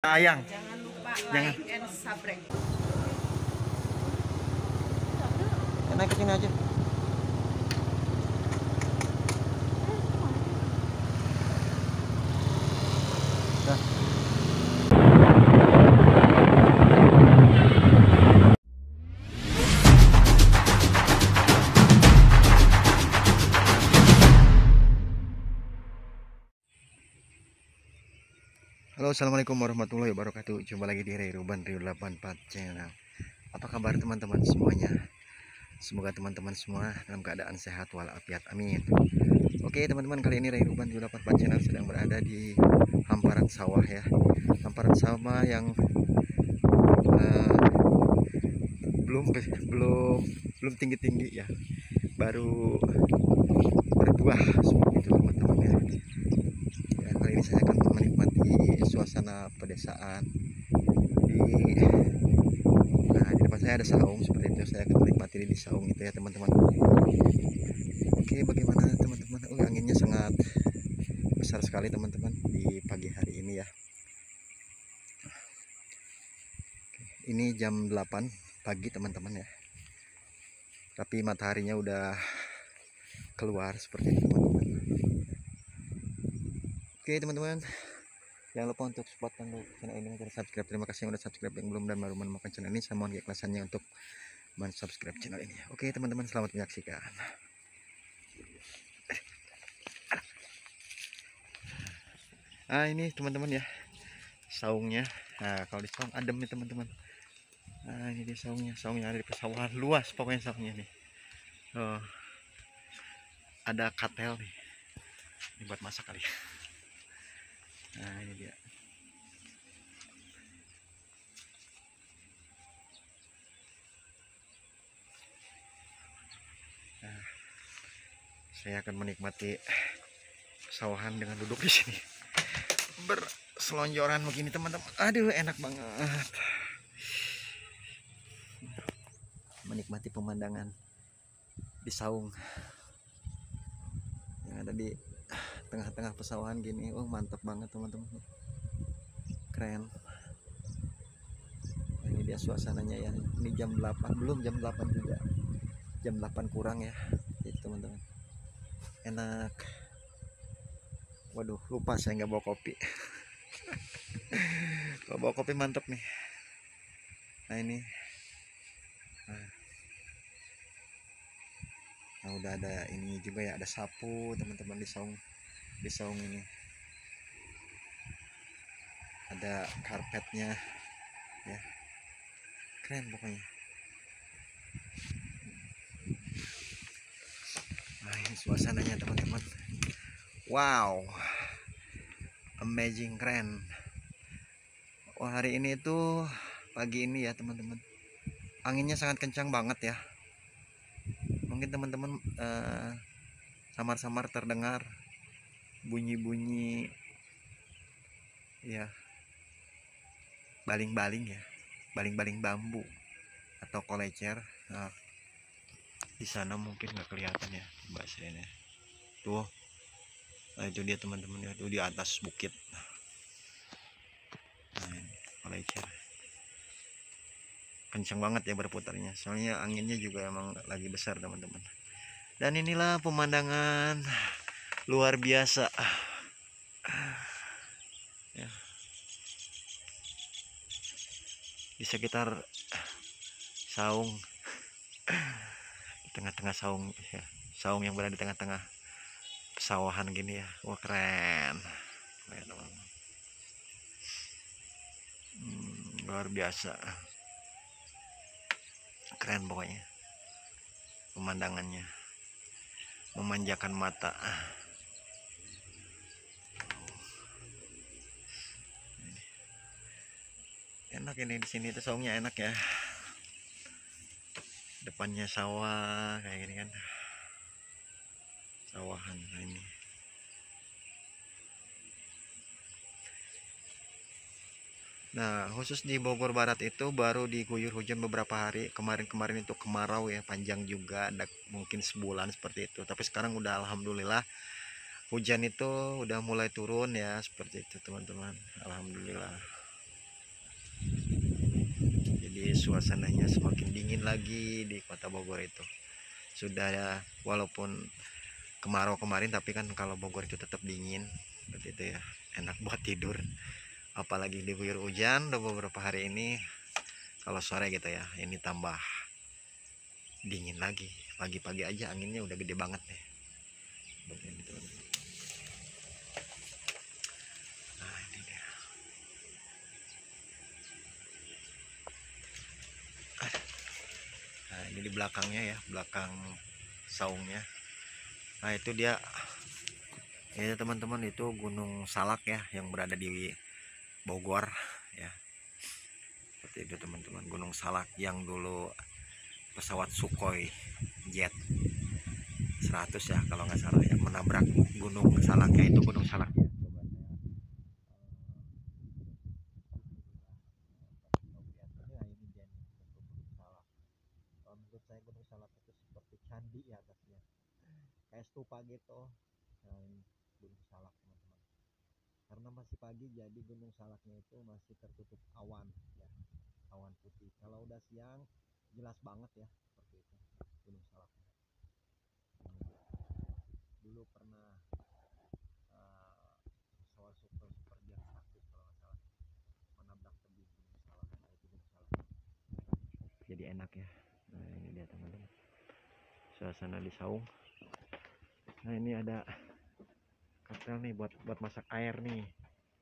sayang. Jangan lupa Jangan. like and subscribe. Naik ke sini aja. Halo assalamualaikum warahmatullahi wabarakatuh Jumpa lagi di Rai Ruban Rio 84 channel Apa kabar teman-teman semuanya Semoga teman-teman semua dalam keadaan sehat walafiat amin Oke teman-teman kali ini Rai Ruban Rio 84 channel sedang berada di hamparan sawah ya Hamparan sawah yang uh, belum belum belum tinggi-tinggi ya baru berbuah seperti itu teman-teman ya saya akan menikmati suasana pedesaan di nah di depan saya ada saung seperti itu saya akan menikmati di saung itu ya teman-teman oke bagaimana teman-teman oh, anginnya sangat besar sekali teman-teman di pagi hari ini ya ini jam 8 pagi teman-teman ya tapi mataharinya udah keluar seperti itu Oke teman-teman jangan lupa untuk support channel ini dan subscribe terima kasih sudah subscribe yang belum dan baru menemukan channel ini saya mohon keikhlasannya untuk subscribe channel ini oke teman-teman selamat menyaksikan ah ini teman-teman ya saungnya nah kalau di saung adem nih teman-teman nah ini dia saungnya saungnya ada di pesawahan luas pokoknya saungnya nih oh, ada katel nih ini buat masak kali nah ini dia nah, saya akan menikmati sawahan dengan duduk di sini berselonjoran begini teman-teman aduh enak banget menikmati pemandangan di saung yang ada di tengah-tengah pesawahan gini oh mantep banget teman-teman keren nah, ini dia suasananya ya ini jam 8 belum jam 8 juga jam 8 kurang ya jadi gitu, teman-teman enak waduh lupa saya nggak bawa kopi kalau bawa kopi mantep nih nah ini nah. nah, udah ada ini juga ya, ada sapu teman-teman di saung di saung ini ada karpetnya ya keren pokoknya nah ini suasananya teman-teman wow amazing keren oh hari ini itu pagi ini ya teman-teman anginnya sangat kencang banget ya mungkin teman-teman eh, samar-samar -teman, uh, samar -samar terdengar bunyi-bunyi ya baling-baling ya baling-baling bambu atau kolecer nah, di sana mungkin nggak kelihatan ya mbak bahasanya tuh nah, itu dia teman-teman ya itu di atas bukit nah, kolecer kencang banget ya berputarnya soalnya anginnya juga emang lagi besar teman-teman dan inilah pemandangan luar biasa ah. ya. di sekitar saung di tengah-tengah saung ya saung yang berada di tengah-tengah pesawahan gini ya wah keren keren hmm, luar biasa keren pokoknya pemandangannya memanjakan mata enak ini di sini tuh saungnya enak ya depannya sawah kayak gini kan sawahan ini Nah, khusus di Bogor Barat itu baru diguyur hujan beberapa hari. Kemarin-kemarin itu kemarau ya, panjang juga, mungkin sebulan seperti itu. Tapi sekarang udah alhamdulillah hujan itu udah mulai turun ya, seperti itu teman-teman. Alhamdulillah suasananya semakin dingin lagi di kota Bogor itu sudah ya walaupun kemarau kemarin tapi kan kalau Bogor itu tetap dingin seperti itu ya enak buat tidur apalagi diguyur hujan udah beberapa hari ini kalau sore gitu ya ini tambah dingin lagi pagi-pagi aja anginnya udah gede banget nih ini di belakangnya ya belakang saungnya nah itu dia ya teman-teman itu gunung salak ya yang berada di Bogor ya seperti itu teman-teman gunung salak yang dulu pesawat Sukhoi jet 100 ya kalau nggak salah ya menabrak gunung salaknya itu gunung salak pagi gitu nah, gunung salak teman-teman karena masih pagi jadi gunung salaknya itu masih tertutup awan ya awan putih kalau udah siang jelas banget ya seperti itu gunung salaknya dulu pernah uh, super super jet satu kalau nggak menabrak tebing gunung salak nah, itu gunung salak jadi enak ya nah ini dia teman-teman suasana di saung nah ini ada kapel nih buat buat masak air nih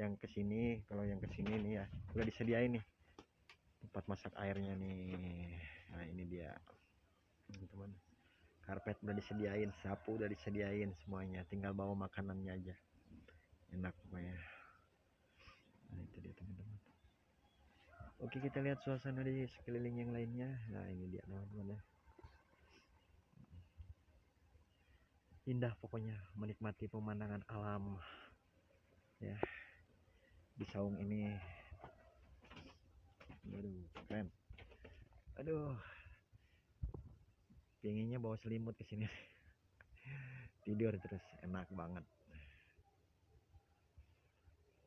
yang kesini kalau yang kesini nih ya udah disediain nih tempat masak airnya nih nah ini dia teman-teman karpet udah disediain sapu udah disediain semuanya tinggal bawa makanannya aja enak pokoknya nah itu dia teman-teman oke kita lihat suasana di sekeliling yang lainnya nah ini dia teman-teman ya indah pokoknya menikmati pemandangan alam ya di saung ini aduh keren aduh pinginnya bawa selimut ke sini tidur terus enak banget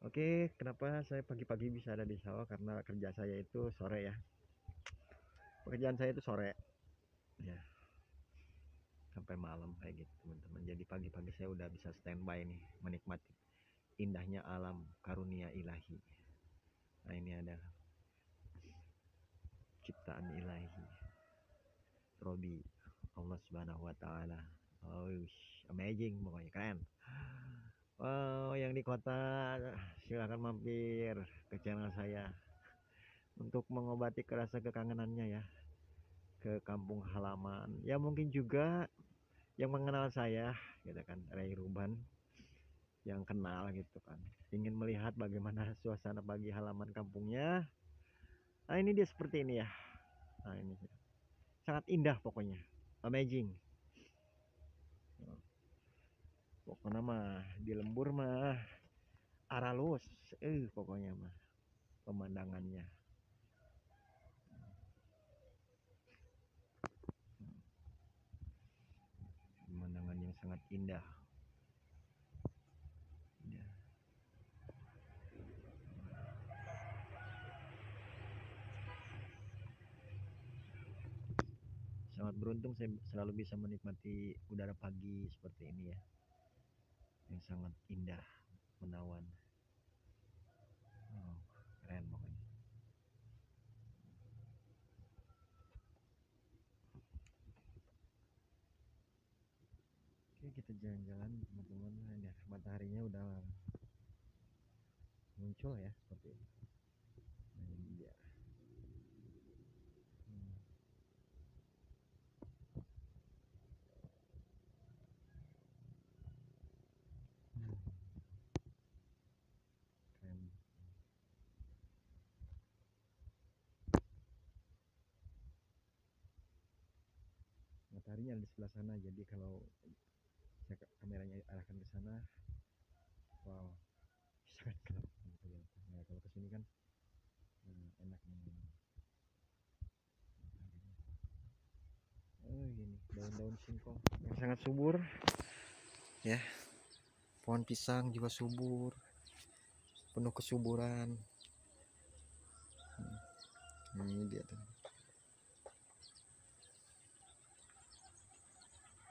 oke kenapa saya pagi-pagi bisa ada di sawah karena kerja saya itu sore ya pekerjaan saya itu sore sampai malam kayak gitu teman-teman jadi pagi-pagi saya udah bisa standby nih menikmati indahnya alam karunia ilahi nah ini adalah ciptaan ilahi Robi Allah subhanahu wa ta'ala oh, amazing pokoknya keren Wow, yang di kota silahkan mampir ke channel saya untuk mengobati kerasa kekangenannya ya ke kampung halaman ya mungkin juga yang mengenal saya gitu kan Ray Ruban yang kenal gitu kan ingin melihat bagaimana suasana bagi halaman kampungnya nah ini dia seperti ini ya nah ini sangat indah pokoknya amazing pokoknya mah di lembur mah aralus eh pokoknya mah pemandangannya sangat indah. Sangat beruntung saya selalu bisa menikmati udara pagi seperti ini ya. Yang sangat indah, menawan. kita jalan-jalan teman-teman ya mataharinya udah muncul ya seperti ini nah, dia hmm. mataharinya ada di sebelah sana jadi kalau saya kameranya arahkan ke sana wow sangat gelap nah, kalau kesini kan eh, enak nih oh ini iya daun-daun singkong yang sangat subur ya pohon pisang juga subur penuh kesuburan hmm, nah, ini dia tuh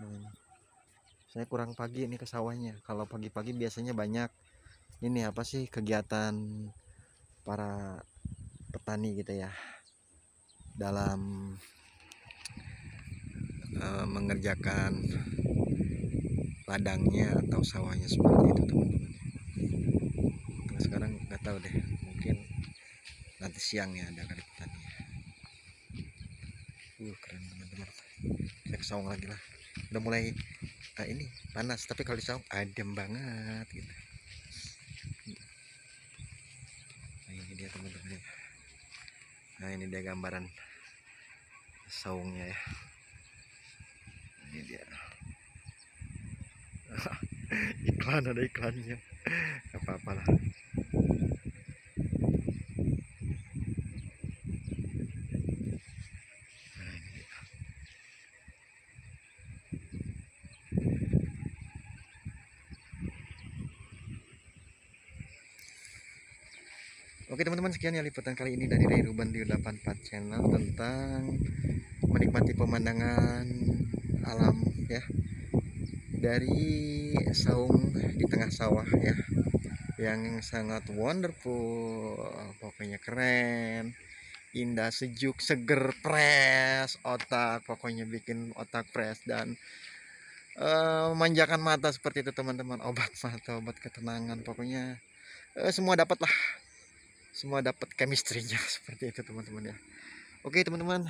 nah, saya kurang pagi ini ke sawahnya kalau pagi-pagi biasanya banyak ini apa sih kegiatan para petani gitu ya dalam uh, mengerjakan ladangnya atau sawahnya seperti itu teman-teman nah, sekarang nggak tahu deh mungkin nanti siangnya ada kali petani. uh keren teman-teman saya sawah lagi lah udah mulai uh, ini panas tapi kalau di saung adem banget gitu nah ini dia teman-teman ya. nah ini dia gambaran saungnya ya ini dia iklan ada iklannya apa-apalah Oke teman-teman sekian ya liputan kali ini dari Ray Ruben di 84 channel tentang menikmati pemandangan alam ya dari saung di tengah sawah ya yang sangat wonderful pokoknya keren indah sejuk seger fresh otak pokoknya bikin otak fresh dan uh, eh, manjakan mata seperti itu teman-teman obat mata obat ketenangan pokoknya uh, semua dapat lah semua dapat chemistry-nya seperti itu teman-teman ya oke teman-teman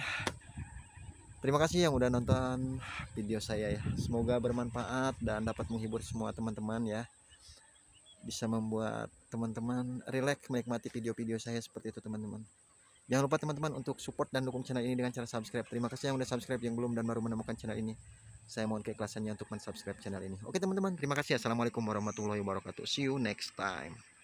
terima kasih yang udah nonton video saya ya semoga bermanfaat dan dapat menghibur semua teman-teman ya bisa membuat teman-teman relax menikmati video-video saya seperti itu teman-teman Jangan lupa teman-teman untuk support dan dukung channel ini dengan cara subscribe. Terima kasih yang udah subscribe, yang belum dan baru menemukan channel ini. Saya mohon keikhlasannya untuk mensubscribe channel ini. Oke teman-teman, terima kasih. Assalamualaikum warahmatullahi wabarakatuh. See you next time.